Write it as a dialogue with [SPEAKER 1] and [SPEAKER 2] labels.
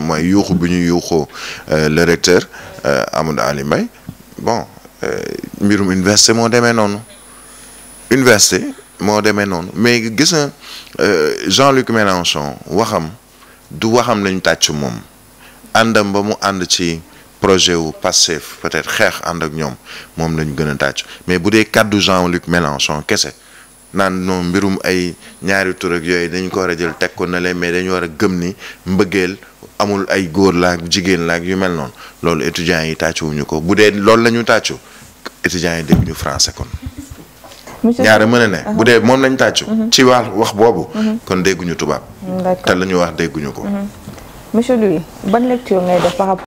[SPEAKER 1] mooy yuuxu bu ñu yuuxoo euh, le recteur euh, Amadou Ali Mbaye bon euh, mbirum université moo demee noonu université moo demee noonu mais gis na Jean-Luc Mélenchon waxam du waxam lañu tàcc moom àndam ba mu ànd ci projet wu Pastef peut-être xeex ànd ak ñoom moom lañu gën a tàcc mais bu dee kàddu Jean-Luc Mélenchon kese naan noonu mbirum ay ñaari tour ak yooyu dañu ko war a jël teg ko na leen mais dañu war a gëm ni mbëggeel amul ay góor laak jigéen laak yu mel noonu loolu étudiants yi tàccuwuñu ko bu dee loolu la ñu tàccu étudiants yi dégguñu français kon.
[SPEAKER 2] ñaare mën a ne uh-huh. bu dee
[SPEAKER 1] moom lañ tàccu. Uh-huh. ci wax wax boobu. Uh-huh. kon dégguñu tubaab. te la wax dégguñu ko.
[SPEAKER 3] monsieur
[SPEAKER 4] Louis ban lecture ngay def par